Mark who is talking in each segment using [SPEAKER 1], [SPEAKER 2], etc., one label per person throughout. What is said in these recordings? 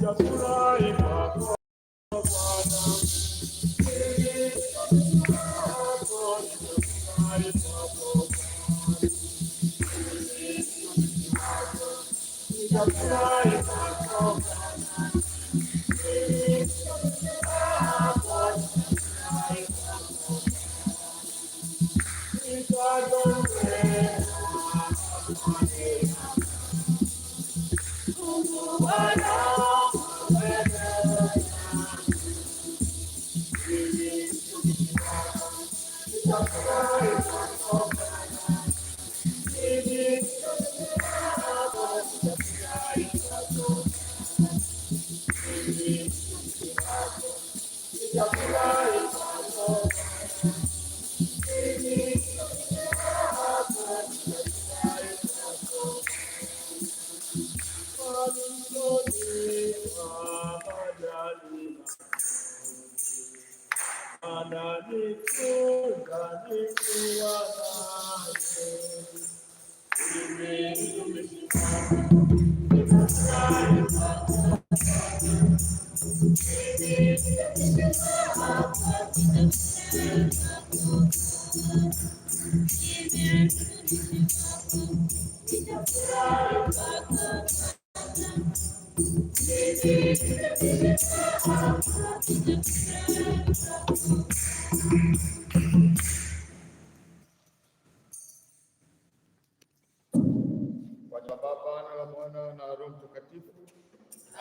[SPEAKER 1] Дякую. Thank you.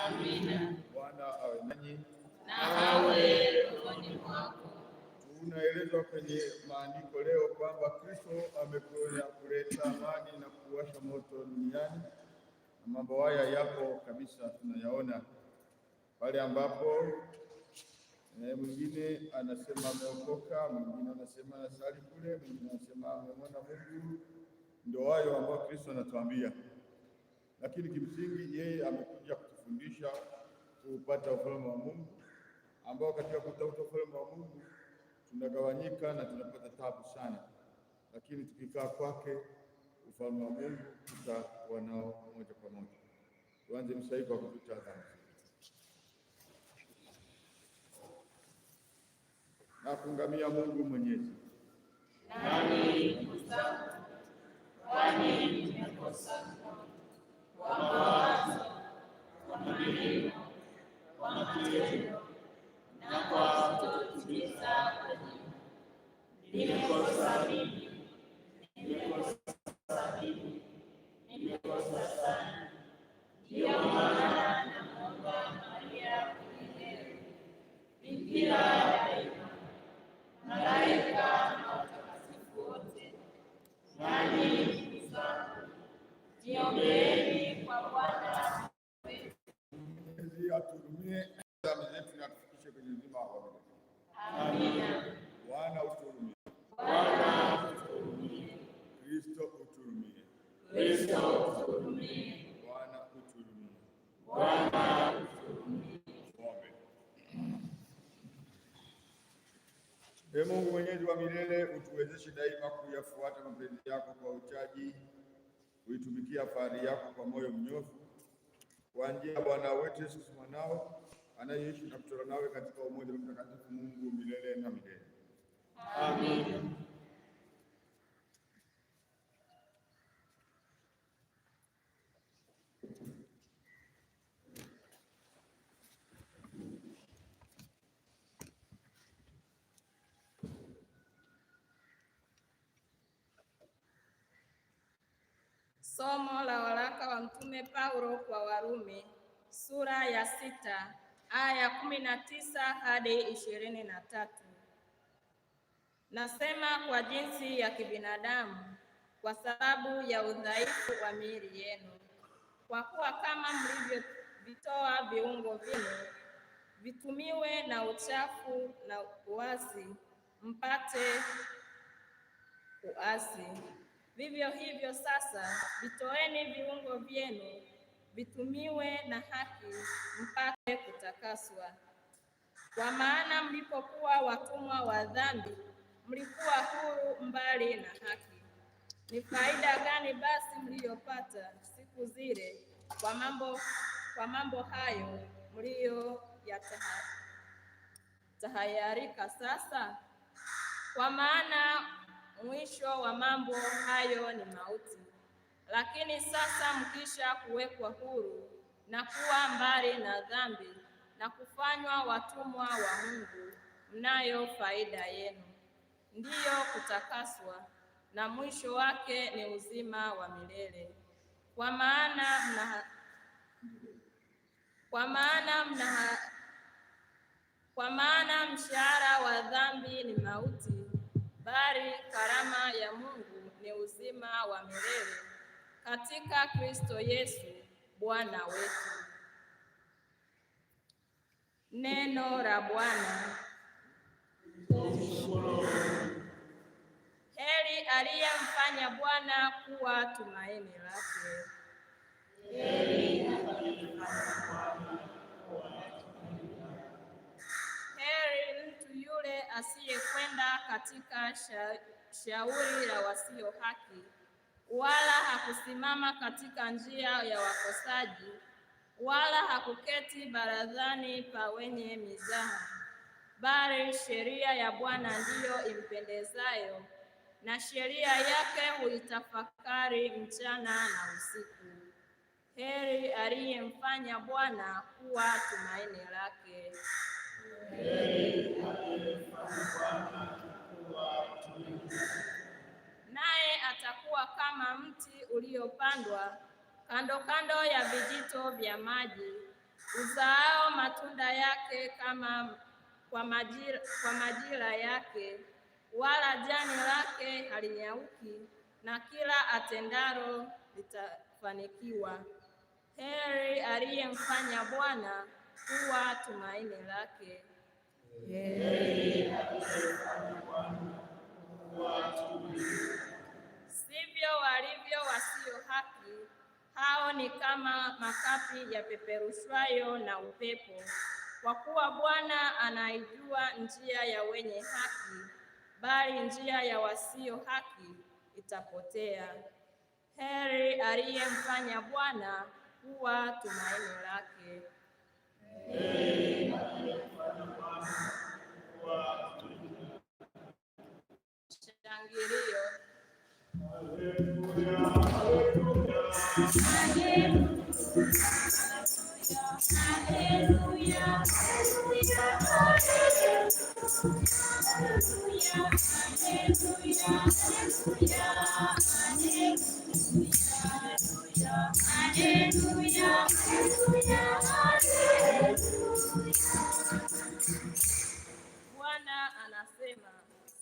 [SPEAKER 2] Amina.
[SPEAKER 1] Bwana awe nanyi.
[SPEAKER 2] Na awe rohoni
[SPEAKER 1] mwako. unaelezwa kwenye maandiko leo kwamba Kristo amekuja kuleta amani na kuwasha moto duniani, na mambo haya yapo kabisa, tunayaona pale ambapo e, mwingine anasema ameokoka, mwingine anasema anasali kule, mwingine anasema amemwona Mungu. Ndio hayo ambayo Kristo anatuambia, lakini kimsingi yeye amekuja kutufundisha kuupata ufalme wa Mungu, ambao katika kutafuta ufalme wa Mungu tunagawanyika na tunapata tabu sana, lakini tukikaa kwake ufalme wa Mungu tutakuwa nao moja kwa moja. Tuanze msaii kwa kututa adhamu na kungamia Mungu
[SPEAKER 2] Mwenyezi, nani nikusifu kwani nimekosa kwa mawazo, kwa maneno, kwa matendo na kwa Nico Sabi, Nico
[SPEAKER 1] mwenyezi wa milele, utuwezeshe daima kuyafuata mapenzi yako kwa uchaji, kuitumikia fahari yako kwa moyo mnyofu, kwa njia ya Bwana wetu Yesu mwanao anayeishi na kutoka nawe katika umoja wa Mtakatifu Mungu milele na milele.
[SPEAKER 2] Amen.
[SPEAKER 3] Somo la waraka wa Mtume Paulo kwa Warumi sura ya sita aya kumi na tisa hadi ishirini na tatu. Nasema kwa jinsi ya kibinadamu kwa sababu ya udhaifu wa miili yenu, kwa kuwa kama mlivyovitoa viungo vinu vitumiwe na uchafu na uasi mpate uasi Vivyo hivyo sasa, vitoeni viungo vyenu vitumiwe na haki, mpate kutakaswa. Kwa maana mlipokuwa watumwa wa dhambi, mlikuwa huru mbali na haki. Ni faida gani basi mliyopata siku zile kwa mambo, kwa mambo hayo mliyoyatahayarika sasa? Kwa maana mwisho wa mambo hayo ni mauti. Lakini sasa mkisha kuwekwa huru na kuwa mbali na dhambi na kufanywa watumwa wa Mungu, mnayo faida yenu, ndiyo kutakaswa, na mwisho wake ni uzima wa milele. Kwa maana mna kwa maana mna kwa maana mshahara wa dhambi ni mauti bali karama ya Mungu ni uzima wa milele katika Kristo Yesu Bwana wetu. Neno la Bwana. Heri aliyemfanya Bwana kuwa tumaini lake.
[SPEAKER 2] Heri aliyemfanya
[SPEAKER 3] asiyekwenda katika sha, shauri la wasio haki, wala hakusimama katika njia ya wakosaji, wala hakuketi barazani pa wenye mizaha, bali sheria ya Bwana ndiyo impendezayo, na sheria yake huitafakari mchana na usiku. Heri aliyemfanya Bwana kuwa tumaini lake.
[SPEAKER 2] Heri
[SPEAKER 3] naye atakuwa kama mti uliopandwa kando kando ya vijito vya maji, uzaao matunda yake kama kwa majira, kwa majira yake, wala jani lake halinyauki, na kila atendalo litafanikiwa. Heri aliyemfanya Bwana kuwa tumaini lake. Sivyo walivyo wasio haki, hao ni kama makapi yapeperushwayo na upepo. Kwa kuwa Bwana anaijua njia ya wenye haki, bali njia ya wasio haki itapotea. Heri aliyemfanya Bwana kuwa tumaini lake.
[SPEAKER 2] Amen. Bwana
[SPEAKER 3] anasema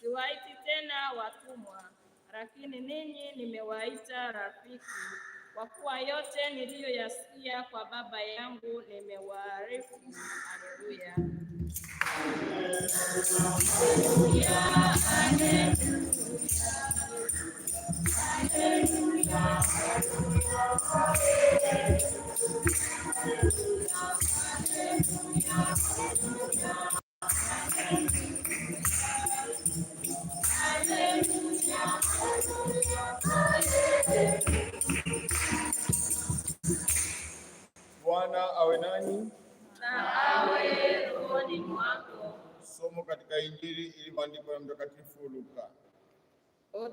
[SPEAKER 3] siwahi tena watumwa, lakini ninyi nimewaita rafiki, kwa kuwa yote niliyoyasikia kwa Baba yangu nimewaarifu. Haleluya,
[SPEAKER 2] haleluya, haleluya.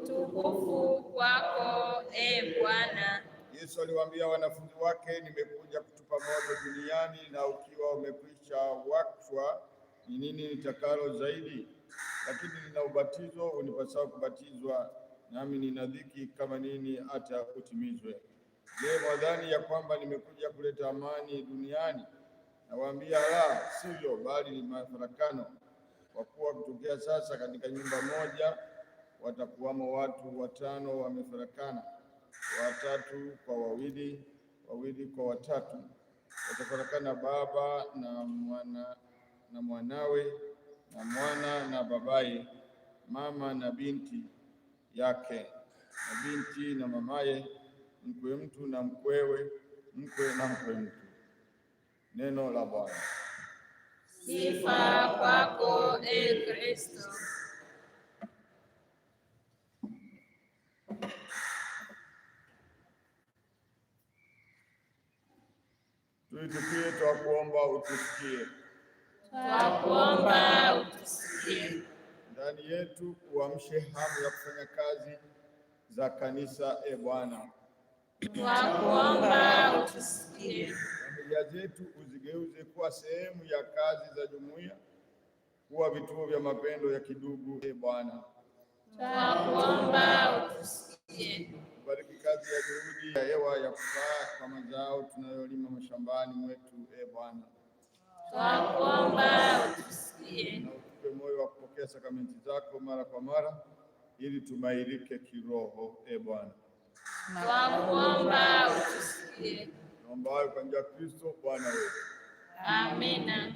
[SPEAKER 2] utukufu kwako, e Bwana.
[SPEAKER 1] Yesu aliwaambia wanafunzi wake, nimekuja kutupa moto duniani, na ukiwa umekwisha wakwa, ni nini nitakalo zaidi? Lakini nina ubatizo unipasao kubatizwa, nami nina dhiki kama nini hata utimizwe. Je, mwadhani ya kwamba nimekuja kuleta amani duniani? Nawaambia la, sivyo, bali ni mafarakano. Kwa kuwa kutokea sasa katika nyumba moja watakuwamo watu watano wamefarakana, watatu kwa wawili, wawili kwa watatu. Watafarakana baba na mwana, na mwanawe na mwana na babaye, mama na binti yake na binti na mamaye, mkwe mtu na mkwewe, mkwe na mkwe mtu. Neno la Bwana.
[SPEAKER 2] Sifa kwako, e Kristo.
[SPEAKER 1] Tuitikie, twakuomba utusikie.
[SPEAKER 2] Twakuomba utusikie.
[SPEAKER 1] Ndani yetu uamshe hamu ya kufanya kazi za kanisa, e Bwana.
[SPEAKER 2] Twakuomba utusikie.
[SPEAKER 1] Familia zetu uzigeuze kuwa sehemu ya kazi za jumuiya, kuwa vituo vya mapendo ya kidugu, e Bwana.
[SPEAKER 2] Twakuomba utusikie
[SPEAKER 1] bariki kazi ya juhudi ya hewa ya kufaa kwa mazao tunayolima mashambani mwetu. E Bwana,
[SPEAKER 2] tunakuomba utusikie
[SPEAKER 1] na utupe moyo wa kupokea sakramenti zako mara kwa mara ili tumairike kiroho. E Bwana,
[SPEAKER 2] tunakuomba utusikie.
[SPEAKER 1] Naomba hayo kwa njia ya Kristo Bwana wetu,
[SPEAKER 2] amina.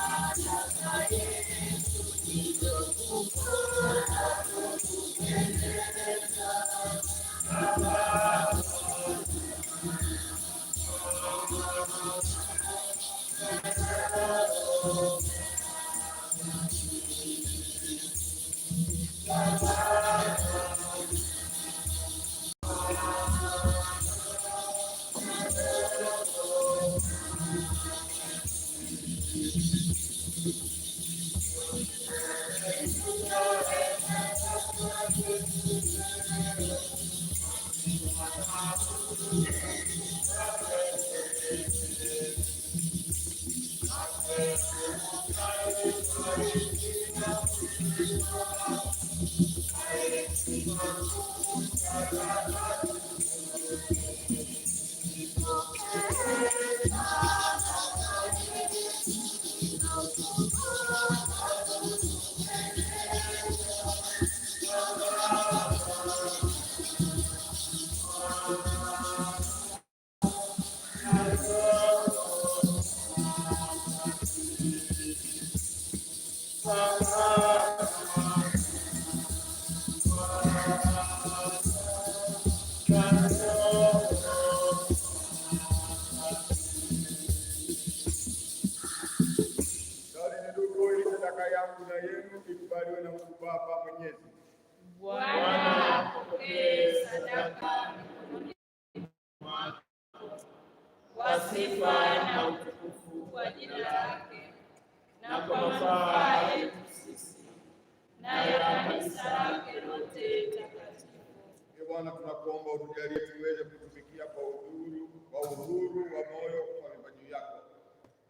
[SPEAKER 1] Bwana, tunakuomba utujalie tuweze kutumikia kwa uhuru kwa uhuru wa moyo kwa vipaji vyako,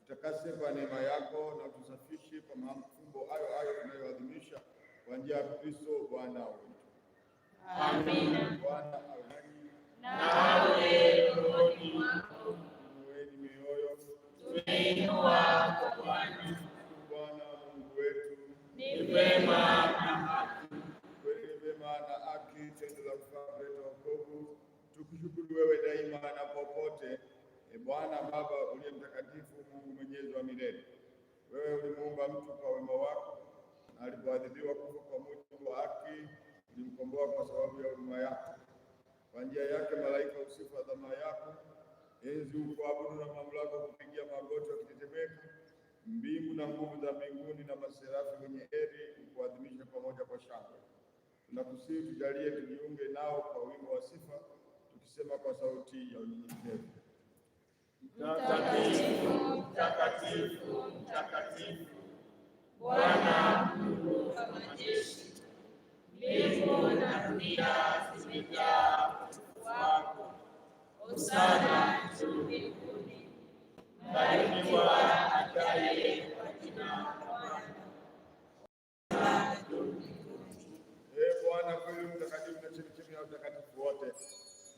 [SPEAKER 1] utakase kwa neema yako na utusafishe kwa mafumbo hayo hayo tunayoadhimisha kwa njia ya Kristo Bwana wetu. Amina. Bwana
[SPEAKER 2] awe nanyi. Nawe
[SPEAKER 1] rohoni mwako. mioyo.
[SPEAKER 2] Tunainuwa kwa
[SPEAKER 1] Bwana. Bwana Mungu
[SPEAKER 2] wetu ni mwema.
[SPEAKER 1] kukushukuru wewe daima na popote. E Bwana Baba uliye mtakatifu, Mungu mwenyezi wa milele, wewe ulimuumba mtu kwa wema wako, na alipoadhibiwa kufa kwa mujibu wa haki ulimkomboa kwa sababu ya huruma yako. Kwa njia yake malaika usifa dhama yako, enzi ukuabudu na mamlaka kupigia magoti wakitetemeka, mbingu na nguvu za mbinguni na maserafi wenye heri ukuadhimisha pamoja kwa shangwe. Tunakusihi tujalie tujiunge nao kwa wimbo wa sifa ukisema kwa sauti ya unyenyekevu,
[SPEAKER 2] mtakatifu, mtakatifu, mtakatifu Bwana Mungu wa majeshi, mbingu na dunia zimejaa utukufu wako. Hosana juu mbinguni. Mbarikiwa ajaye kwa jina Bwana.
[SPEAKER 1] Ee Bwana, kweli mtakatifu na chemchemi ya utakatifu wote.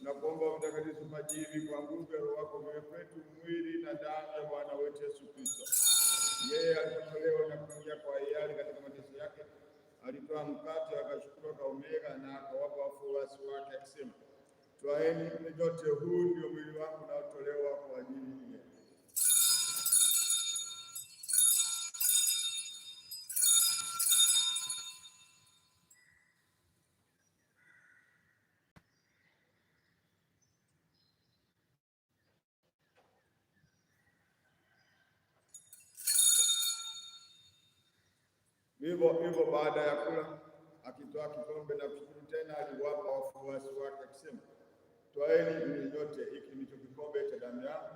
[SPEAKER 1] Tunakuomba Mtakatifu, majivi kwa nguvu ya Roho wako viwe kwetu mwili na damu ya Bwana wetu Yesu Kristo. Yeye alitolewa na kuingia kwa hiari katika mateso yake, alitoa mkate akashukuru, akaumega na akawapa wafuasi wake akisema, twaeni mle nyote, huu ndio mwili wangu unaotolewa kwa ajili hivyo baada ya kula, akitoa kikombe na kushukuru tena, aliwapa wafuasi wake akisema, twaeni mnywe nyote, hiki ndicho kikombe cha damu yangu,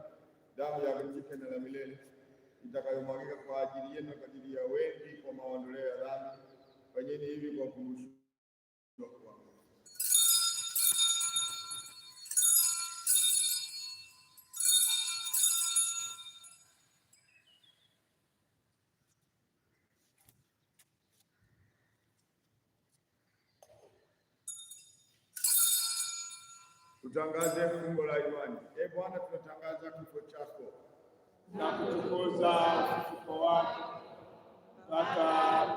[SPEAKER 1] damu ya agano la milele itakayomwagika kwa ajili yenu na kwa ajili ya wengi kwa maondoleo ya dhambi. Fanyeni hivi kwa ukumbusho wangu. Tutangaze fungo la imani. E Bwana, tunatangaza kifo chako
[SPEAKER 2] na kutukuza ufufuko wako mpaka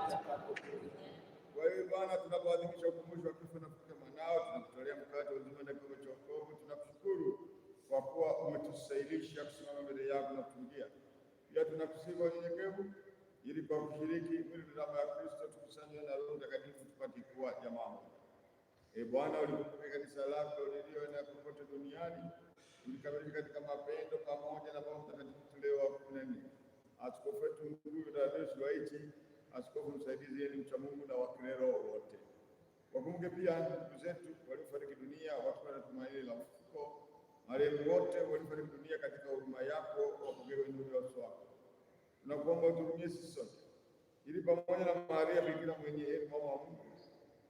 [SPEAKER 1] utakapokuja. Kwa hiyo Bwana, tunapoadhimisha ukumbusho wa kifo na kufufuka mwanao, tunakutolea mkate wa uzima na kikombe cha wokovu. Tunakushukuru kwa kuwa umetusailisha kusimama mbele yako na kutumikia. Pia tunakusihi kwa unyenyekevu, ili kwa kushiriki mwili na damu ya Kristo tukusanywe na Roho Mtakatifu tupate kuwa jamaa moja. E Bwana, ulikupia kanisa lako lililoenea kokote duniani, ulikabidhi katika mapendo pamoja na Baba Mtakatifu Leo wa kumi na nne, askofu wetu mkuu Thaddaeus Ruwa'ichi, askofu msaidizi yeni mcha Mungu na wakili roho wote. Wakumbuke pia ndugu zetu waliofariki dunia, wakiwa na tumaini la ufufuko, marehemu wote waliofariki dunia katika huruma yako, wapokewe nuru ya uso wako. Tunakuomba utuhurumie sisi sote, ili pamoja na Maria Bikira mwenye heri, mama wa Mungu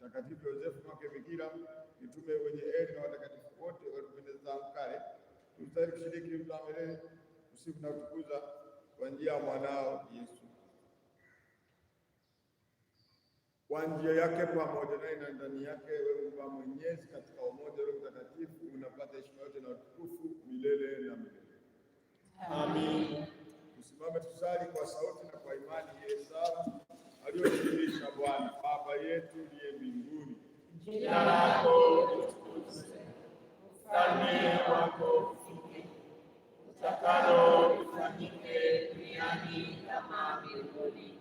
[SPEAKER 1] Mtakatifu Yosefu Mwake Bikira, mitume wenye heri na watakatifu wote waliopeneza tangu kale, tulistahili kushiriki mtamelele usiku na kutukuza kwa njia ya mwanao Yesu. Kwa njia yake pamoja naye na ndani yake, wewe Baba Mwenyezi, katika umoja Roho Mtakatifu, unapata heshima yote na utukufu milele na milele.
[SPEAKER 2] Amin.
[SPEAKER 1] Tusimame tusali kwa sauti na kwa imani. Yesu. aliyojulisha Bwana Baba yetu liye mbinguni,
[SPEAKER 2] jina lako litukuzwe, ufalme wako ufike, utakalo lifanyike duniani kama mbinguni.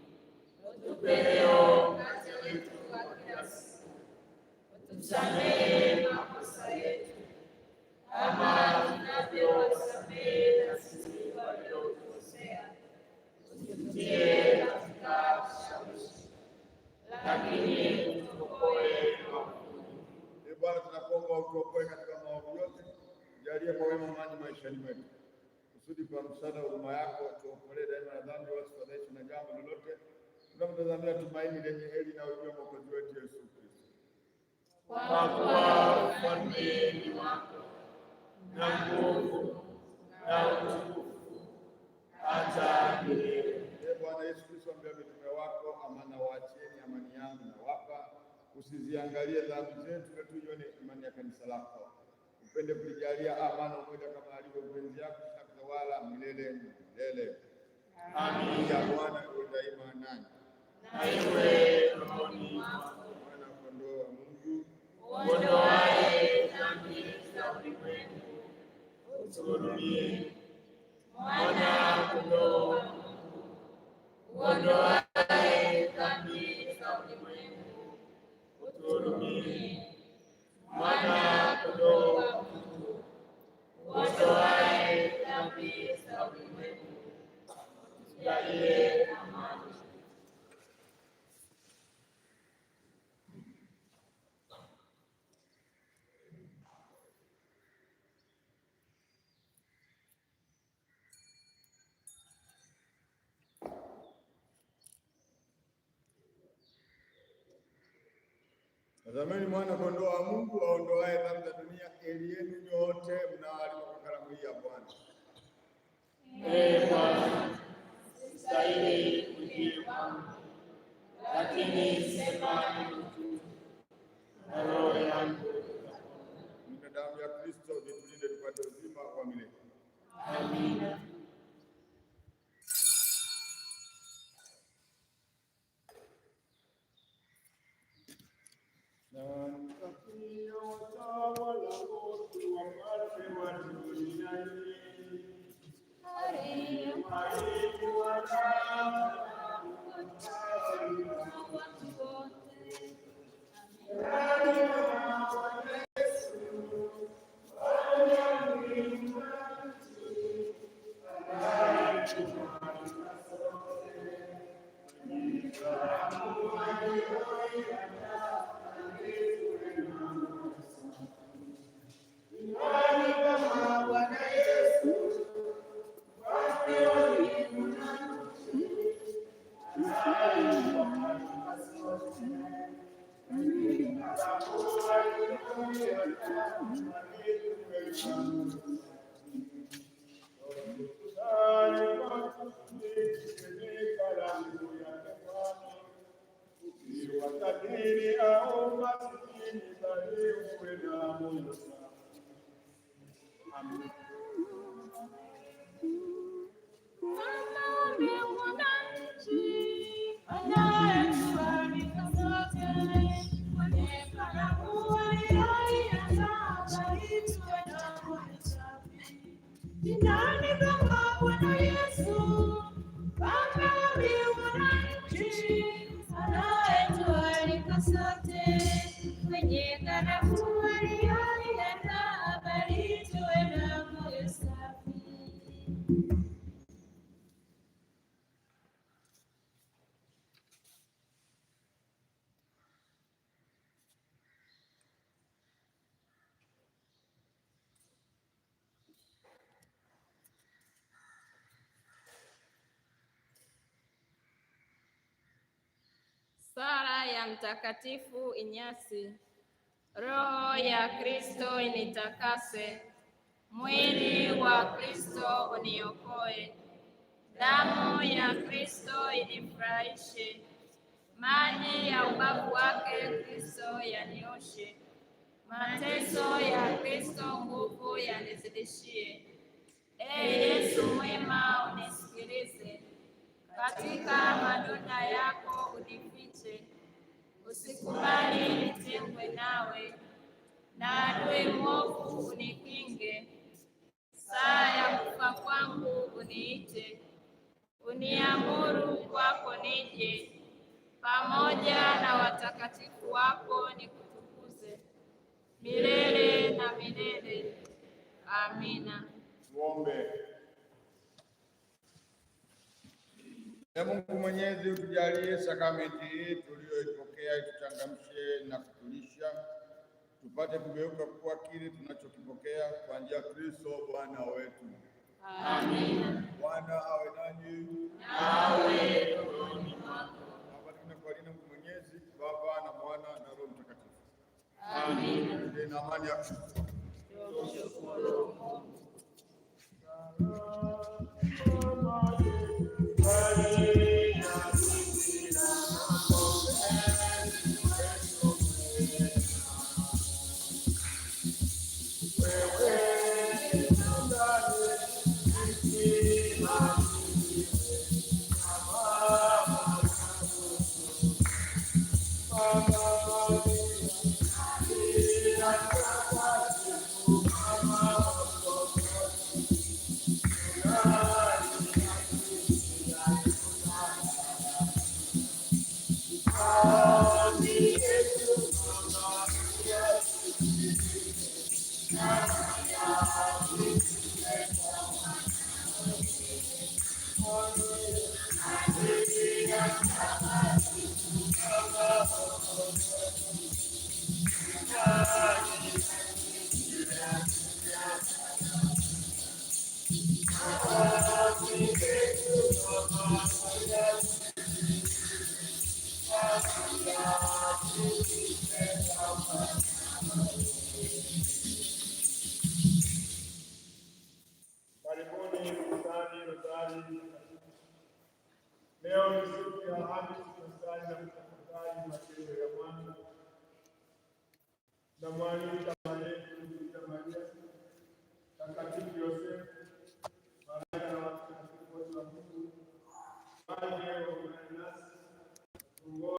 [SPEAKER 2] Utupe leo mkate wetu wa kila siku, utusamehe makosa yetu kama tunavyowasamehe na sisi waliotukosea, usitutie katika lakini e
[SPEAKER 1] Bwana, tunakuomba utuokoe katika maovu yote, jalie kwa wema maji maishani mwetu, kusudi kwa msaada wa huruma yako tuokolee daima na dhambi, wasifadhaishwe na jambo lolote, tunamtazamia tumaini lenye heri na ujio wa Mwokozi wetu Yesu Kristo.
[SPEAKER 2] Kwa kuwa ufalme ni wako na nguvu na utukufu hata milele.
[SPEAKER 1] Ee Bwana Yesu Kristo, ambaye yangu wapa, usiziangalie dhambi zetu, tuione imani ya kanisa lako, upende kulijalia amana umoja, kama alivyo mpenzi yako, tutakutawala milele na milele. Amina. Bwana iwe daima
[SPEAKER 2] nani na iwe
[SPEAKER 1] Tazameni mwana kondoo wa Mungu aondoaye dhambi za dunia. Heri yenu nyote mnaoalikwa kwa karamu hii ya Bwana.
[SPEAKER 2] Ee Bwana, sistahili uje kwangu, lakini sema tu na roho yangu.
[SPEAKER 1] Damu ya Kristo itulinde tupate uzima wa milele.
[SPEAKER 2] Amina. Thank you. I'm um, Amen.
[SPEAKER 3] Mtakatifu inyasi. Roho ya Kristo initakase, mwili wa Kristo uniokoe, damu ya Kristo inifurahishe, maji ya ubavu wake Kristo yanioshe, mateso ya Kristo nguvu yanizidishie. E Yesu mwema, unisikilize, katika madonda yako unifiche usikubali nitengwe nawe, na adui mwovu unikinge. Saa ya kufa kwangu uniite, uniamuru kwako nije, pamoja na watakatifu wako nikutukuze milele na milele. Amina.
[SPEAKER 1] Tuombe. Ee Mungu Mwenyezi, utujalie sakramenti hii tuliyoipokea ituchangamshe na kutulisha, tupate kugeuka kuwa kile tunachokipokea kwa njia ya Kristo Bwana wetu.
[SPEAKER 2] Amina.
[SPEAKER 1] Bwana awe nanyi.
[SPEAKER 2] Nawe rohoni
[SPEAKER 1] mwako. na kwa jina Mwenyezi, Baba na Mwana na Roho Mtakatifu. Amina. Amani ya Kristo.
[SPEAKER 2] Tushukuru